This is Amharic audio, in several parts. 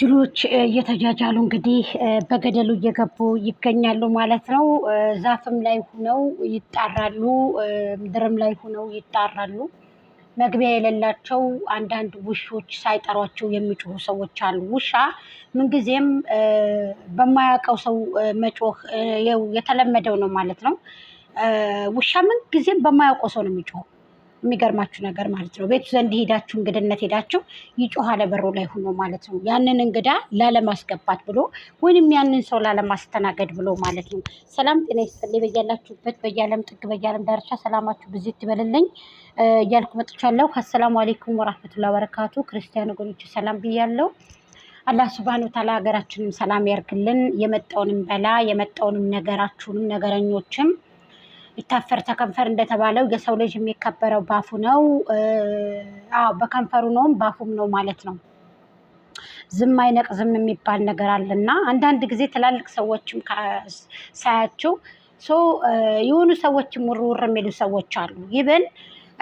ጅሎች እየተጃጃሉ እንግዲህ በገደሉ እየገቡ ይገኛሉ ማለት ነው። ዛፍም ላይ ሁነው ይጣራሉ፣ ምድርም ላይ ሁነው ይጣራሉ። መግቢያ የሌላቸው አንዳንድ ውሾች ሳይጠሯቸው የሚጮሁ ሰዎች አሉ። ውሻ ምንጊዜም በማያውቀው ሰው መጮህ የተለመደው ነው ማለት ነው። ውሻ ምንጊዜም በማያውቀው ሰው ነው የሚጮኸው። የሚገርማችሁ ነገር ማለት ነው። ቤቱ ዘንድ ሄዳችሁ እንግድነት ሄዳችሁ ይጮኋል በሩ ላይ ሆኖ ማለት ነው። ያንን እንግዳ ላለማስገባት ብሎ ወይንም ያንን ሰው ላለማስተናገድ ብሎ ማለት ነው። ሰላም ጤና ይስጥልኝ። በያላችሁበት በያለም ጥግ በያለም ዳርቻ ሰላማችሁ ብዙ ይበልልኝ እያልኩ መጥቻለሁ። አሰላሙ አሌይኩም ወራህመቱላ በረካቱ። ክርስቲያን ወገኖች ሰላም ብያለሁ። አላህ ስብሃነ ወተዓላ ሀገራችንም ሰላም ያርግልን። የመጣውንም በላ የመጣውንም ነገራችሁንም ነገረኞችም ይታፈር ተከንፈር እንደተባለው የሰው ልጅ የሚከበረው ባፉ ነው። አዎ በከንፈሩ ነውም ባፉም ነው ማለት ነው። ዝም አይነቅ ዝም የሚባል ነገር አለ እና አንዳንድ ጊዜ ትላልቅ ሰዎችም ሳያችው የሆኑ ሰዎችም ውር ውር የሚሉ ሰዎች አሉ። ይብን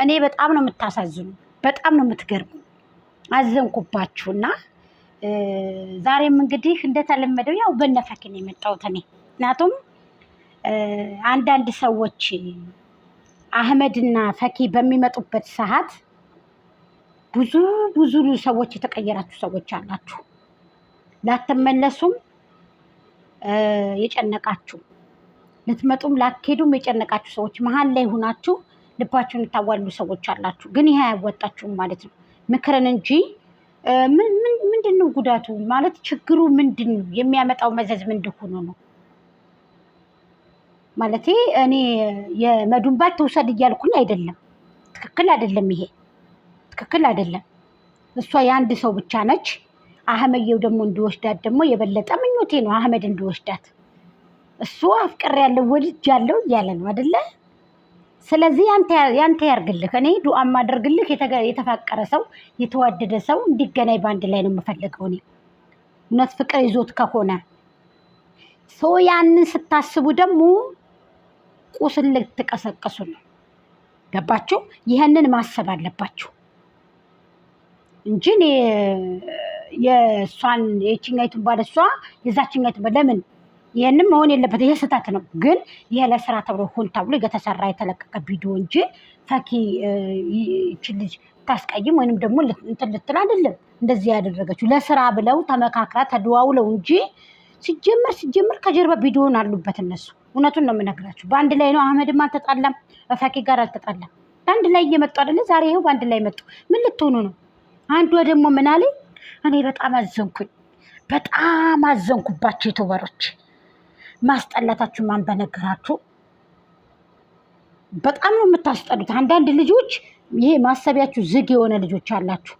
እኔ በጣም ነው የምታሳዝኑ፣ በጣም ነው የምትገርሙ። አዘንኩባችሁ እና ዛሬም እንግዲህ እንደተለመደው ያው በነፈክን የመጣሁት እኔ ምክንያቱም አንዳንድ ሰዎች አህመድና ፈኪ በሚመጡበት ሰዓት ብዙ ብዙ ሰዎች የተቀየራችሁ ሰዎች አላችሁ። ላትመለሱም የጨነቃችሁ ልትመጡም ላትሄዱም የጨነቃችሁ ሰዎች መሀል ላይ ሆናችሁ ልባችሁን የምታዋሉ ሰዎች አላችሁ። ግን ይህ አያዋጣችሁም ማለት ነው። ምክርን እንጂ ምንድን ነው ጉዳቱ ማለት ችግሩ ምንድን ነው የሚያመጣው መዘዝ ምንድን ሆኖ ነው ማለት እኔ ባል ትውሰድ እያልኩኝ አይደለም። ትክክል አይደለም፣ ይሄ ትክክል አይደለም። እሷ የአንድ ሰው ብቻ ነች። አህመየው ደግሞ እንዲወስዳት ደግሞ የበለጠ ምኞቴ ነው፣ አህመድ እንዲወስዳት። እሱ አፍቅር ያለው ወልጅ ያለው እያለ ነው አደለ? ስለዚህ ያንተ ያርግልህ። እኔ ዱዓ ማደርግልህ የተፋቀረ ሰው የተዋደደ ሰው እንዲገናኝ በአንድ ላይ ነው የምፈልገው። እኔ እውነት ፍቅር ይዞት ከሆነ ሰው ያንን ስታስቡ ደግሞ ቁስል ልትቀሰቅሱ ነው። ገባችሁ? ይህንን ማሰብ አለባችሁ እንጂ የእሷን የችኛይቱን ባለ እሷ የዛችኛይቱ ለምን ይህንም መሆን የለበት። ይህ ስህተት ነው። ግን ይሄ ለስራ ተብሎ ሆን ተብሎ የተሰራ የተለቀቀ ቪዲዮ እንጂ ፈኪ ይች ልጅ ታስቀይም ወይንም ደግሞ እንትን ልትል አይደለም። እንደዚህ ያደረገችው ለስራ ብለው ተመካክራ ተደዋውለው እንጂ ሲጀመር ሲጀመር ከጀርባ ቪዲዮን አሉበት እነሱ እውነቱን ነው የምነግራችሁ። በአንድ ላይ ነው አህመድም አልተጣላም፣ ፈኪ ጋር አልተጣላም። በአንድ ላይ እየመጡ አደለ? ዛሬ ይኸው በአንድ ላይ መጡ። ምን ልትሆኑ ነው? አንዷ ደግሞ ምን እኔ በጣም አዘንኩኝ፣ በጣም አዘንኩባቸው። የተወሮች ማስጠላታችሁ ማን በነገራችሁ? በጣም ነው የምታስጠሉት። አንዳንድ ልጆች ይሄ ማሰቢያችሁ ዝግ የሆነ ልጆች አላችሁ።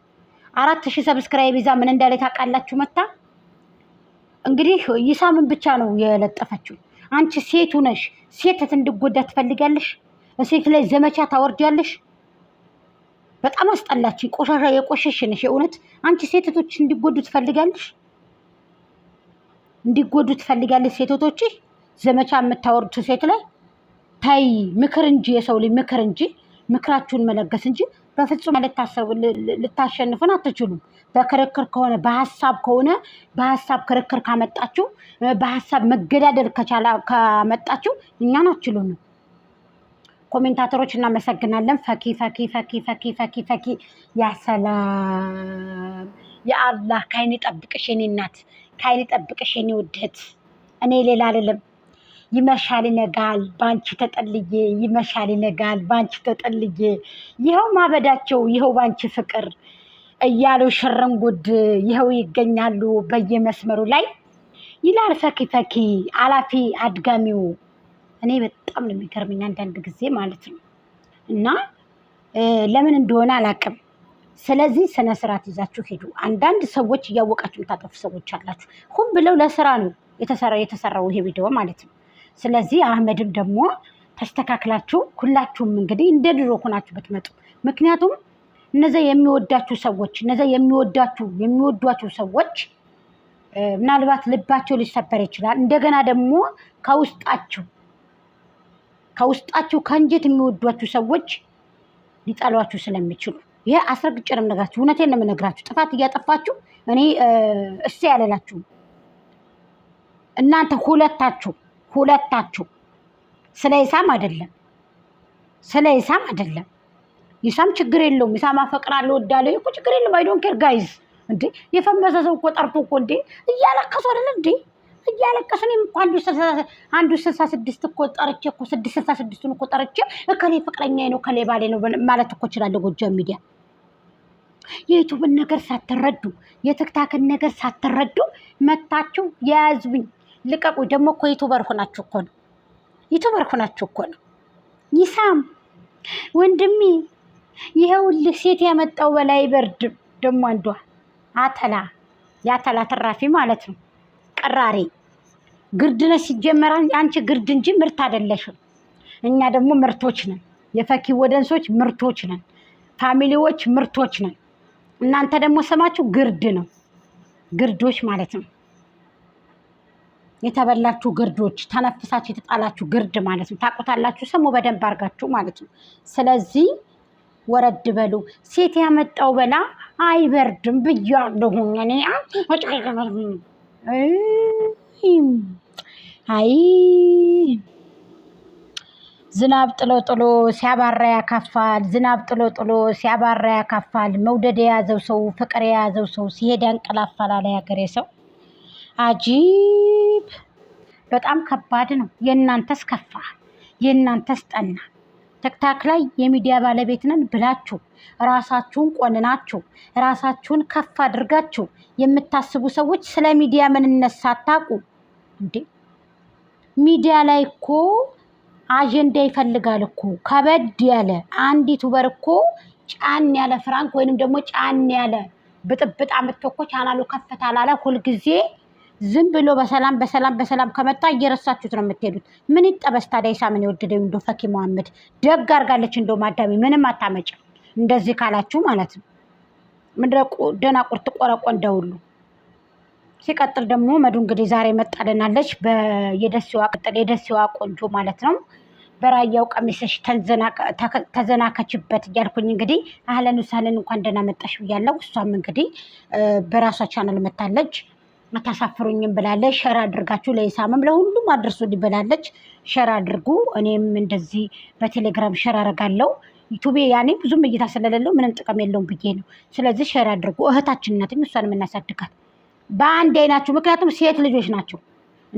አራት ሺህ ሰብስክራይብ ይዛ ምን እንዳለ ታውቃላችሁ? መታ እንግዲህ ይሳምን ብቻ ነው የለጠፈችው። አንቺ ሴቱ ነሽ። ሴት እንድጎዳ ትፈልጋለሽ? ሴት ላይ ዘመቻ ታወርጃለሽ። በጣም አስጠላችኝ። ቆሻሻ የቆሸሽ ነሽ። የእውነት አንቺ ሴቶች እንዲጎዱ ትፈልጋለሽ? እንዲጎዱ ትፈልጋለሽ? ሴቶች ዘመቻ የምታወርዱ ሴት ላይ ታይ። ምክር እንጂ የሰው ልጅ ምክር እንጂ ምክራችሁን መለገስ እንጂ በፍጹም ልታሰቡ ልታሸንፉን አትችሉም። በክርክር ከሆነ በሀሳብ ከሆነ በሀሳብ ክርክር ካመጣችሁ በሀሳብ መገዳደል ከቻላ ካመጣችሁ እኛን አትችሉንም። ኮሜንታተሮች እናመሰግናለን። ፈኪ ፈኪ ፈኪ ፈኪ ፈኪ ፈኪ ያሰላም የአላህ ከአይን ጠብቅሽ የኔ እናት ከአይን ጠብቅሽ የኔ ውድህት እኔ ሌላ አይደለም። ይመሻል ይነጋል ባንቺ ተጠልዬ፣ ይመሻል ይነጋል ባንቺ ተጠልዬ፣ ይኸው ማበዳቸው ይኸው ባንቺ ፍቅር እያሉ ጉድ ይኸው ይገኛሉ በየመስመሩ ላይ ይላል ፈኪ ፈኪ አላፊ አድጋሚው። እኔ በጣም ነው የሚገርመኝ አንዳንድ ጊዜ ማለት ነው። እና ለምን እንደሆነ አላውቅም። ስለዚህ ስነ ስርዓት ይዛችሁ ሄዱ። አንዳንድ ሰዎች እያወቃችሁ የምታጠፉ ሰዎች አላችሁ። ሁም ብለው ለስራ ነው የተሰራው ይሄ ቪዲዮ ማለት ነው። ስለዚህ አህመድም ደግሞ ተስተካክላችሁ ሁላችሁም እንግዲህ እንደ ድሮ ሆናችሁ ብትመጡ ምክንያቱም እነዚ የሚወዳችሁ ሰዎች እነዚ የሚወዳችሁ የሚወዷችሁ ሰዎች ምናልባት ልባቸው ሊሰበር ይችላል። እንደገና ደግሞ ከውስጣችሁ ከውስጣችሁ ከእንጀት የሚወዷችሁ ሰዎች ሊጠሏችሁ ስለሚችሉ ይሄ አስረግጬ ነው የምነግራችሁ። እውነቴን ነው የምነግራችሁ። ጥፋት እያጠፋችሁ እኔ እሴ ያለላችሁ እናንተ ሁለታችሁ ሁለታችሁ ስለ ኢሳም አይደለም፣ ስለ ኢሳም አይደለም። ኢሳም ችግር የለውም። ኢሳም አፈቅራለሁ ወዳለ እኮ ችግር የለም። አይ ዶንት ኬር ጋይዝ። እንዴ የፈመሰ ሰው እኮ ጠርቶ እኮ እንዴ እያለቀሱ አይደል እንዴ እያለቀሱ። እኔም እኮ አንዱ ስልሳ ስድስት እኮ ጠርቼ እኮ ስድስት ስልሳ ስድስቱን እኮ ጠርቼ እከሌ ፍቅረኛ ነው እከሌ ባሌ ነው ማለት እኮ እችላለሁ። ጎጃ ሚዲያ የዩቱብን ነገር ሳትረዱ የትክታክን ነገር ሳትረዱ መታችሁ የያዙኝ ልቀቁ። ደግሞ እኮ ዩቱበር ሆናችሁ እኮ ነው፣ ዩቱበር ሆናችሁ እኮ ነው። ይሳም ወንድሜ ይኸውልህ፣ ሴት ያመጣው በላይ በርድ ደግሞ አንዷ አተላ የአተላ ተራፊ ማለት ነው። ቀራሬ ግርድነ ሲጀመር አንቺ ግርድ እንጂ ምርት አይደለሽም። እኛ ደግሞ ምርቶች ነን። የፈኪ ወደንሶች ምርቶች ነን። ፋሚሊዎች ምርቶች ነን። እናንተ ደግሞ ስማችሁ ግርድ ነው፣ ግርዶች ማለት ነው። የተበላችሁ ግርዶች፣ ተነፍሳችሁ የተጣላችሁ ግርድ ማለት ነው። ታቆታላችሁ ሰሞ በደንብ አርጋችሁ ማለት ነው። ስለዚህ ወረድ በሉ። ሴት ያመጣው በላ አይበርድም ብያለሁኝ እኔ። አይ ዝናብ ጥሎ ጥሎ ሲያባራ ያካፋል። ዝናብ ጥሎ ጥሎ ሲያባራ ያካፋል። መውደድ የያዘው ሰው ፍቅር የያዘው ሰው ሲሄድ ያንቀላፋል አለ ያገሬ ሰው። አጂብ በጣም ከባድ ነው። የእናንተስ ከፋ፣ የእናንተስ ጠና። ትክታክ ላይ የሚዲያ ባለቤት ነን ብላችሁ ራሳችሁን ቆንናችሁ ራሳችሁን ከፍ አድርጋችሁ የምታስቡ ሰዎች ስለ ሚዲያ ምንነት ሳታውቁ እንዴ ሚዲያ ላይ እኮ አጀንዳ ይፈልጋል እኮ ከበድ ያለ አንዲቱ በር እኮ ጫን ያለ ፍራንክ ወይንም ደግሞ ጫን ያለ ብጥብጥ አምጥቶ እኮ ቻናሉ ከፍታ ላለ ሁልጊዜ ዝም ብሎ በሰላም በሰላም በሰላም ከመጣ እየረሳችሁት ነው የምትሄዱት። ምን ይጠበስ ታዲያ ኢሳምን የወደደው እንዶ ፈኪ መሐመድ ደግ አርጋለች። እንዶ ማዳሚ ምንም አታመጭም። እንደዚህ ካላችሁ ማለት ነው ምንድን ደና ቁርት ቆረቆ እንደውሉ ሲቀጥል ደግሞ መዱ እንግዲህ ዛሬ መጣልናለች። የደሴዋ ቅጥል የደሴዋ ቆንጆ ማለት ነው። በራያው ቀሚሰሽ ተዘናከችበት እያልኩኝ እንግዲህ አህለን ውሳለን እንኳን ደህና መጣሽ ብያለሁ። እሷም እንግዲህ በራሷ ቻናል መታለች። አታሳፍሩኝም ብላለች። ሸር አድርጋችሁ ለይሳምም ለሁሉም አድርሱልኝ ብላለች። ሸር አድርጉ። እኔም እንደዚህ በቴሌግራም ሸር አረጋለው። ዩቱቤ ያኔ ብዙም እይታ ስለሌለው ምንም ጥቅም የለውም ብዬ ነው። ስለዚህ ሸር አድርጉ። እህታችንነትም እሷን የምናሳድጋት በአንድ አይናችሁ፣ ምክንያቱም ሴት ልጆች ናቸው።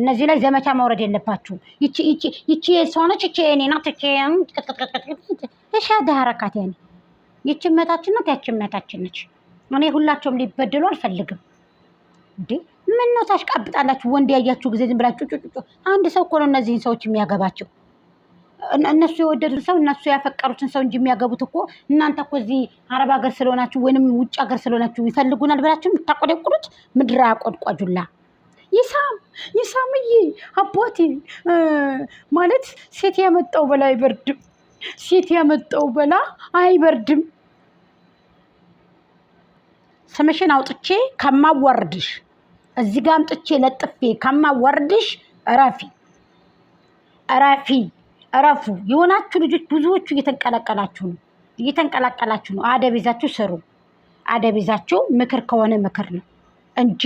እነዚህ ላይ ዘመቻ መውረድ የለባችሁ። ይቺ ሰሆነች ይቺ እኔ ናት ሻ ሀረካት ያኔ ይቺ እመታችን ናት፣ ያቺ እመታችን ነች። እኔ ሁላቸውም ሊበድሉ አልፈልግም እንዴ ምን ነው ታሽቃብጣላችሁ? ወንድ ያያችሁ ጊዜ ዝም ብላችሁ ጩጩጩ። አንድ ሰው እኮ ነው እነዚህን ሰዎች የሚያገባቸው። እነሱ የወደዱትን ሰው እነሱ ያፈቀሩትን ሰው እንጂ የሚያገቡት እኮ እናንተ እኮ እዚህ አረብ ሀገር ስለሆናችሁ ወይንም ውጭ ሀገር ስለሆናችሁ ይፈልጉናል ብላችሁ የምታቆደቁዱት ምድር አቆድቋጁላ ይሳም ይሳምዬ አቦቴ ማለት ሴት ያመጣው በላ አይበርድም፣ ሴት ያመጣው በላ አይበርድም። ስምሽን አውጥቼ ከማዋርድሽ እዚህ ጋ አምጥቼ ለጥፌ ከማወርድሽ እረፊ እረፊ እረፉ። የሆናችሁ ልጆች ብዙዎቹ እየተንቀላቀላችሁ ነው እየተንቀላቀላችሁ ነው። አደብ ይዛችሁ ስሩ። አደብ ይዛችሁ ምክር ከሆነ ምክር ነው እንጂ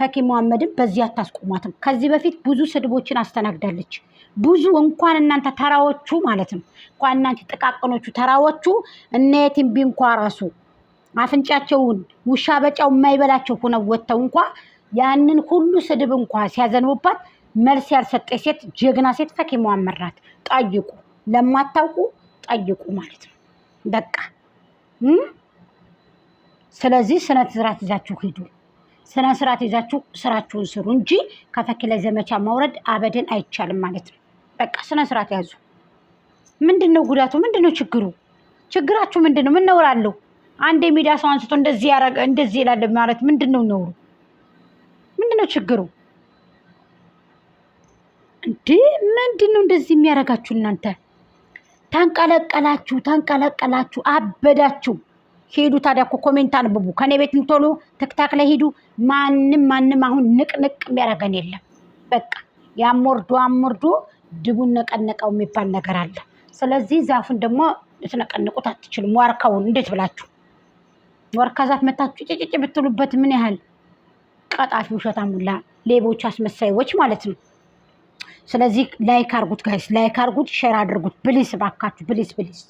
ፈኪ መሐመድን በዚህ አታስቆሟትም። ከዚህ በፊት ብዙ ስድቦችን አስተናግዳለች። ብዙ እንኳን እናንተ ተራዎቹ ማለት ነው እንኳን እናንተ ጥቃቅኖቹ ተራዎቹ እነ የቲምቢ እንኳ ራሱ አፍንጫቸውን ውሻ በጫው የማይበላቸው ሆነው ወጥተው እንኳ ያንን ሁሉ ስድብ እንኳ ሲያዘንቡባት መልስ ያልሰጠች ሴት ጀግና ሴት ፈኪ መሐመድ ናት። ጠይቁ፣ ለማታውቁ ጠይቁ ማለት ነው። በቃ ስለዚህ ስነ ስርዓት ይዛችሁ ሂዱ። ስነ ስርዓት ይዛችሁ ስራችሁን ስሩ እንጂ ከፈኪ ላይ ዘመቻ ማውረድ አበደን አይቻልም ማለት ነው። በቃ ስነ ስርዓት ያዙ። ምንድን ነው ጉዳቱ? ምንድን ነው ችግሩ? ችግራችሁ ምንድን ነው? ምን ነውር አለው? አንድ የሚዲያ ሰው አንስቶ እንደዚህ ያረገ እንደዚህ ይላል ማለት ምንድን ነው ነውሩ? ነው ችግሩ? እንዴ ምንድን ነው እንደዚህ የሚያደርጋችሁ እናንተ? ታንቀለቀላችሁ ታንቀለቀላችሁ፣ አበዳችሁ። ሄዱ ታዲያ እኮ ኮሜንት አንብቡ። ከኔ ቤት ምትሉ ትክታክ ላይ ሄዱ። ማንም ማንም አሁን ንቅንቅ የሚያደርገን የለም። በቃ ያም ወርዶ ድቡን ነቀነቀው የሚባል ነገር አለ። ስለዚህ ዛፉን ደግሞ ልትነቀንቁት አትችሉም። ዋርካውን እንዴት ብላችሁ ዋርካ ዛፍ መታችሁ ጭጭጭ ብትሉበት ምን ያህል ቀጣፊ ውሸታም ሁላ ሌቦች፣ አስመሳይዎች ማለት ነው። ስለዚህ ላይክ አርጉት ጋይስ፣ ላይክ አርጉት፣ ሼር አድርጉት ብሊስ፣ ባካችሁ ብሊስ ብሊስ።